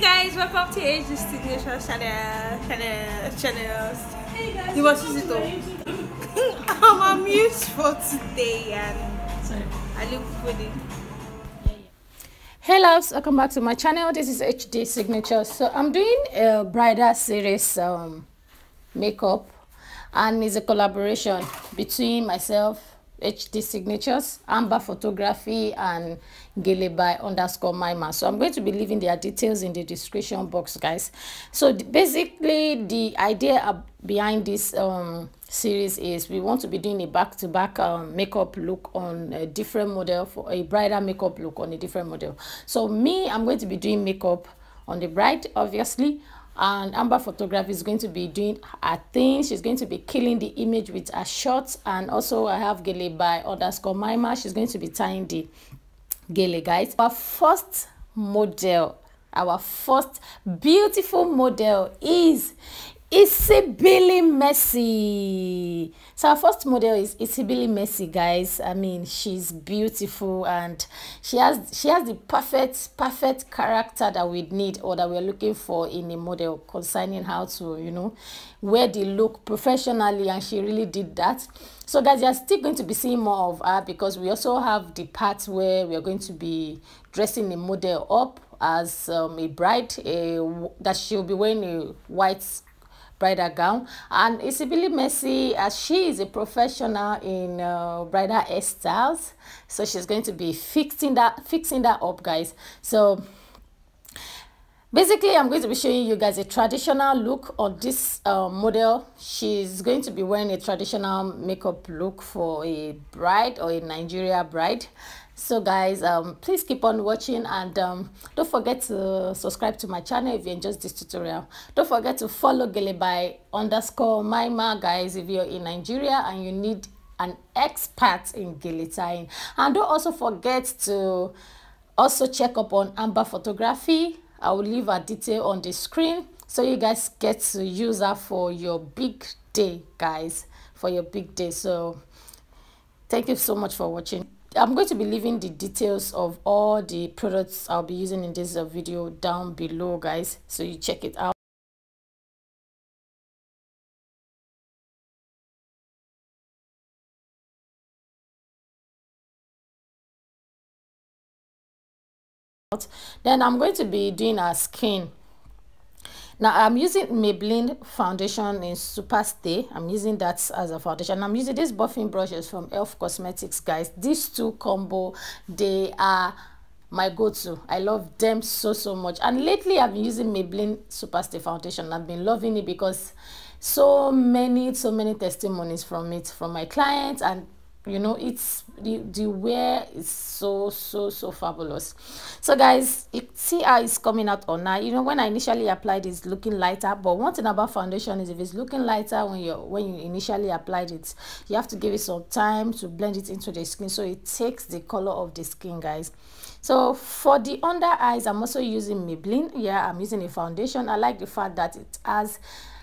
Hey guys, welcome to Age Destination Channel. Channel. Channels. Hey guys. You watch it all. I'm amused for today and Sorry. I look funny. Hey loves, welcome back to my channel. This is HD Signature. So I'm doing a bridal series um, makeup and it's a collaboration between myself HD signatures, Amber Photography, and Geleby underscore Maima. So I'm going to be leaving their details in the description box, guys. So basically, the idea behind this um, series is we want to be doing a back-to-back -back, um, makeup look on a different model for a brighter makeup look on a different model. So me, I'm going to be doing makeup on the bride, obviously and Amber Photography is going to be doing her thing. She's going to be killing the image with her shots. And also I have Gele by underscore Maima. She's going to be tying the Gele, guys. Our first model, our first beautiful model is Billy Mercy. So our first model is Billy Mercy, guys. I mean, she's beautiful and she has she has the perfect perfect character that we need or that we're looking for in a model concerning how to you know wear the look professionally, and she really did that. So guys, you're still going to be seeing more of her because we also have the part where we are going to be dressing the model up as um, a bride, a, that she'll be wearing a white bridal gown and Isabelle Messi as she is a professional in uh, bridal hairstyles so she's going to be fixing that fixing that up guys so basically i'm going to be showing you guys a traditional look on this uh, model she's going to be wearing a traditional makeup look for a bride or a nigeria bride so guys um please keep on watching and um don't forget to subscribe to my channel if you enjoy this tutorial don't forget to follow geleby underscore maima guys if you're in nigeria and you need an expert in gele and don't also forget to also check up on amber photography I will leave a detail on the screen so you guys get to use her for your big day guys for your big day so thank you so much for watching i'm going to be leaving the details of all the products i'll be using in this video down below guys so you check it out then i'm going to be doing a skin now i'm using maybelline foundation in super stay i'm using that as a foundation i'm using these buffing brushes from elf cosmetics guys these two combo they are my go-to i love them so so much and lately i've been using maybelline super stay foundation i've been loving it because so many so many testimonies from it from my clients and you know it's the the wear is so so so fabulous so guys you see how it's coming out on now you know when i initially applied it's looking lighter but one thing about foundation is if it's looking lighter when you when you initially applied it you have to give it some time to blend it into the skin so it takes the color of the skin guys so for the under eyes i'm also using maybelline yeah i'm using a foundation i like the fact that it has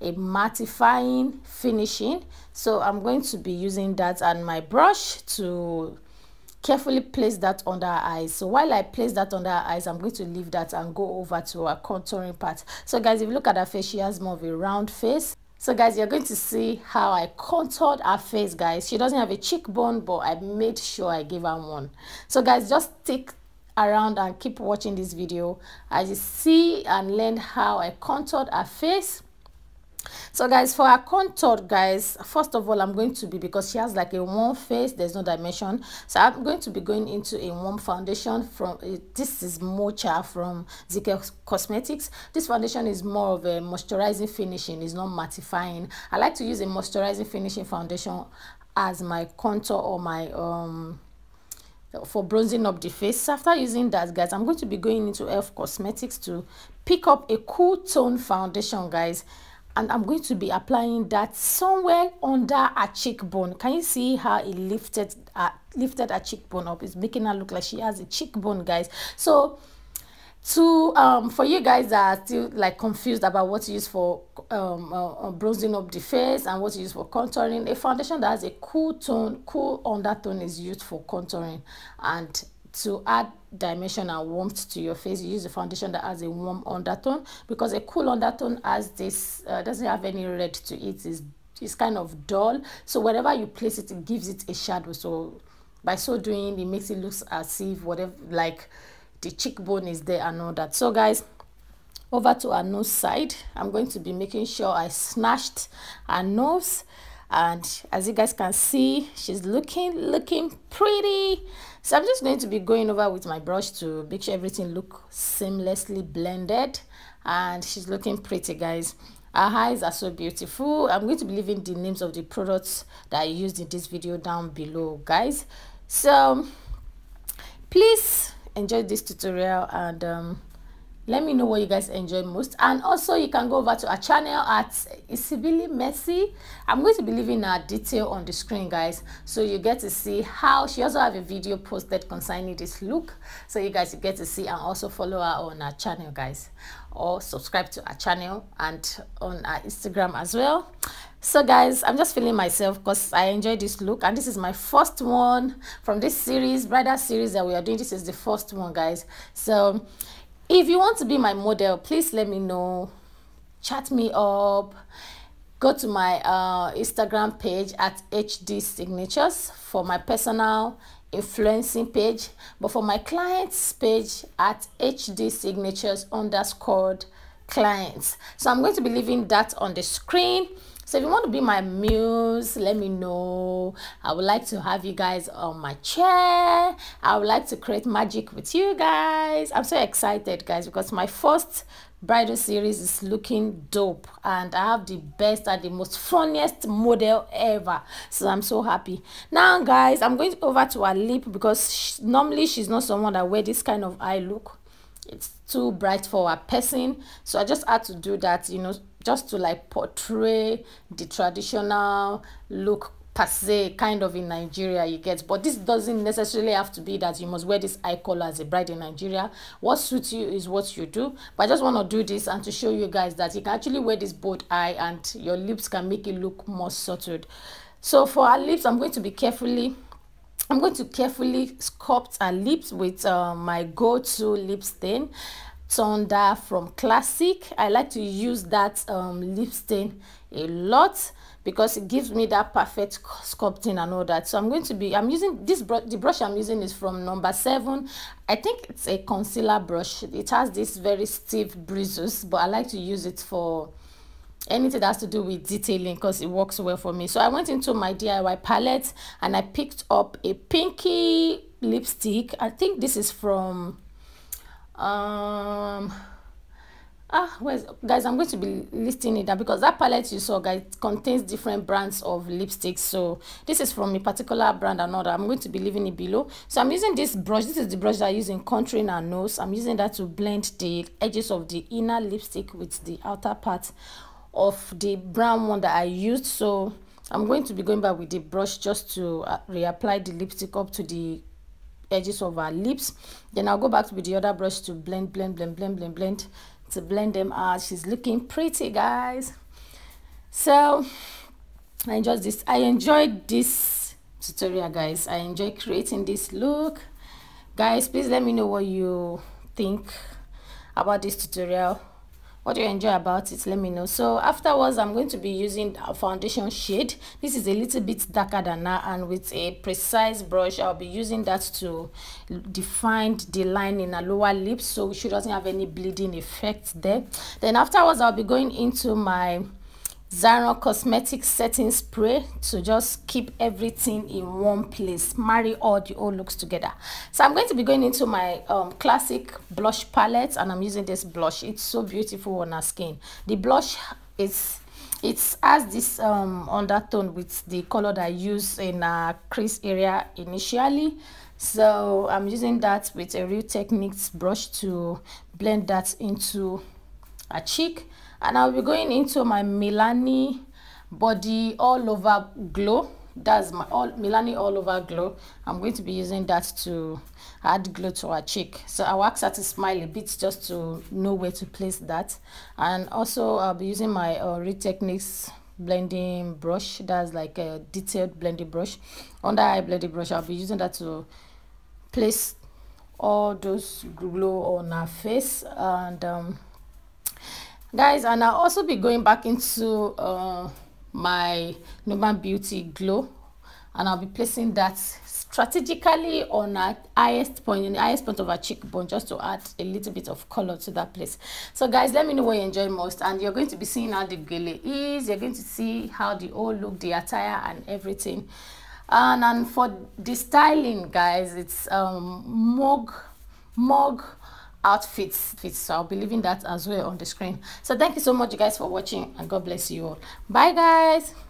a mattifying finishing so i'm going to be using that and my brush to carefully place that under her eyes so while i place that under her eyes i'm going to leave that and go over to her contouring part so guys if you look at her face she has more of a round face so guys, you're going to see how I contoured her face, guys. She doesn't have a cheekbone, but I made sure I gave her one. So guys, just stick around and keep watching this video as you see and learn how I contoured her face so guys for our contour guys first of all i'm going to be because she has like a warm face there's no dimension so i'm going to be going into a warm foundation from uh, this is mocha from zk cosmetics this foundation is more of a moisturizing finishing it's not mattifying i like to use a moisturizing finishing foundation as my contour or my um for bronzing up the face after using that guys i'm going to be going into elf cosmetics to pick up a cool tone foundation guys and I'm going to be applying that somewhere under her cheekbone. Can you see how it lifted uh, lifted her cheekbone up? It's making her look like she has a cheekbone, guys. So to um for you guys that are still like confused about what to use for um uh, uh bronzing up the face and what to use for contouring a foundation that has a cool tone cool undertone is used for contouring and to add dimension and warmth to your face you use a foundation that has a warm undertone because a cool undertone has this uh, doesn't have any red to it is it's kind of dull so wherever you place it it gives it a shadow so by so doing it makes it looks as if whatever like the cheekbone is there and all that so guys over to our nose side i'm going to be making sure i snatched our nose and as you guys can see she's looking looking pretty so i'm just going to be going over with my brush to make sure everything look seamlessly blended and she's looking pretty guys her eyes are so beautiful i'm going to be leaving the names of the products that i used in this video down below guys so please enjoy this tutorial and um, let me know what you guys enjoy most and also you can go over to our channel at Isibili Messi I'm going to be leaving our detail on the screen guys so you get to see how she also have a video posted concerning this look so you guys get to see and also follow her on our channel guys or subscribe to our channel and on our Instagram as well so guys i'm just feeling myself because i enjoy this look and this is my first one from this series bridal series that we are doing this is the first one guys so if you want to be my model please let me know chat me up go to my uh, instagram page at hd signatures for my personal influencing page but for my clients page at hd signatures underscored clients so i'm going to be leaving that on the screen so if you want to be my muse let me know i would like to have you guys on my chair i would like to create magic with you guys i'm so excited guys because my first bridal series is looking dope and i have the best and the most funniest model ever so i'm so happy now guys i'm going over to her lip because she, normally she's not someone that wear this kind of eye look it's too bright for a person so i just had to do that you know just to like portray the traditional look per se kind of in nigeria you get but this doesn't necessarily have to be that you must wear this eye color as a bride in nigeria what suits you is what you do but i just want to do this and to show you guys that you can actually wear this bold eye and your lips can make it look more subtle so for our lips i'm going to be carefully I'm going to carefully sculpt her lips with uh, my go-to lip stain Thunder from Classic. I like to use that um, lip stain a lot because it gives me that perfect sculpting and all that. So I'm going to be, I'm using this, brush, the brush I'm using is from number seven. I think it's a concealer brush. It has this very stiff bristles, but I like to use it for anything that has to do with detailing because it works well for me so i went into my diy palette and i picked up a pinky lipstick i think this is from um ah where's guys i'm going to be listing it down because that palette you saw guys contains different brands of lipsticks so this is from a particular brand another i'm going to be leaving it below so i'm using this brush this is the brush that i use in contouring and nose i'm using that to blend the edges of the inner lipstick with the outer part of the brown one that I used so I'm going to be going back with the brush just to uh, reapply the lipstick up to the edges of our lips then I'll go back with the other brush to blend blend blend blend blend blend to blend them out she's looking pretty guys so I enjoyed this I enjoyed this tutorial guys I enjoy creating this look guys please let me know what you think about this tutorial what do you enjoy about it let me know so afterwards i'm going to be using a foundation shade this is a little bit darker than that and with a precise brush i'll be using that to define the line in a lower lip so she doesn't have any bleeding effect there then afterwards i'll be going into my Zaran cosmetic setting spray to just keep everything in one place marry all the old looks together so i'm going to be going into my um, classic blush palette and i'm using this blush it's so beautiful on our skin the blush is it has this um, undertone with the color that I use in a crease area initially so I'm using that with a real techniques brush to blend that into a cheek and I'll be going into my Milani body all over glow that's my all Milani all over glow I'm going to be using that to add glow to her cheek so I ask her to smile a bit just to know where to place that and also I'll be using my Ori uh, Techniques blending brush that's like a detailed blending brush under eye blending brush I'll be using that to place all those glow on her face and um, guys and i'll also be going back into uh, my Newman Beauty Glow and I'll be placing that strategically on our highest point in the highest point of our cheekbone just to add a little bit of color to that place so guys let me know what you enjoy most and you're going to be seeing how the gele is you're going to see how the all look the attire and everything and and for the styling guys it's um mug mug outfits fits so i'll be leaving that as well on the screen so thank you so much you guys for watching and god bless you all bye guys